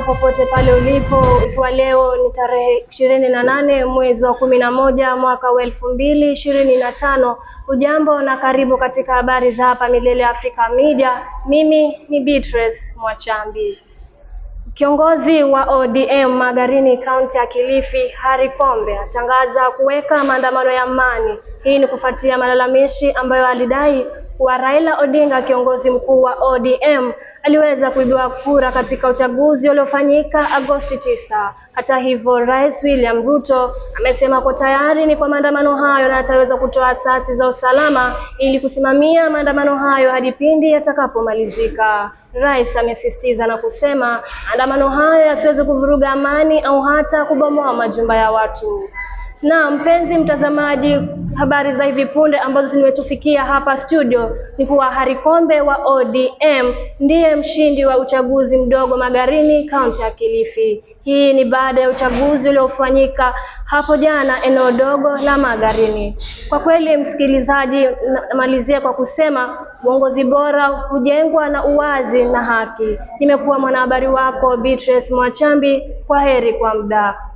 Popote pale ulipo, ikiwa leo ni tarehe ishirini na nane mwezi wa kumi na moja mwaka wa elfu mbili ishirini na tano. Ujambo na karibu katika habari za hapa Milele Afrika Media. Mimi ni Beatrice Mwachambi. Kiongozi wa ODM Magarini kaunti ya Kilifi, Harry Kombe atangaza kuweka maandamano ya amani. Hii ni kufuatia malalamishi ambayo alidai kuwa Raila Odinga, kiongozi mkuu wa ODM, aliweza kuibiwa kura katika uchaguzi uliofanyika Agosti 9. Hata hivyo, Rais William Ruto amesema kwa tayari ni kwa maandamano hayo na ataweza kutoa asasi za usalama ili kusimamia maandamano hayo hadi pindi yatakapomalizika. Rais amesisitiza na kusema maandamano hayo yasiwezi kuvuruga amani au hata kubomoa majumba ya watu. Na mpenzi mtazamaji Habari za hivi punde ambazo zimetufikia hapa studio ni kuwa Harikombe wa ODM ndiye mshindi wa uchaguzi mdogo Magarini, kaunti ya Kilifi. Hii ni baada ya uchaguzi uliofanyika hapo jana eneo dogo la Magarini. Kwa kweli, msikilizaji, namalizia kwa kusema uongozi bora hujengwa na uwazi na haki. Nimekuwa mwanahabari wako Beatrice Mwachambi, kwa heri kwa muda.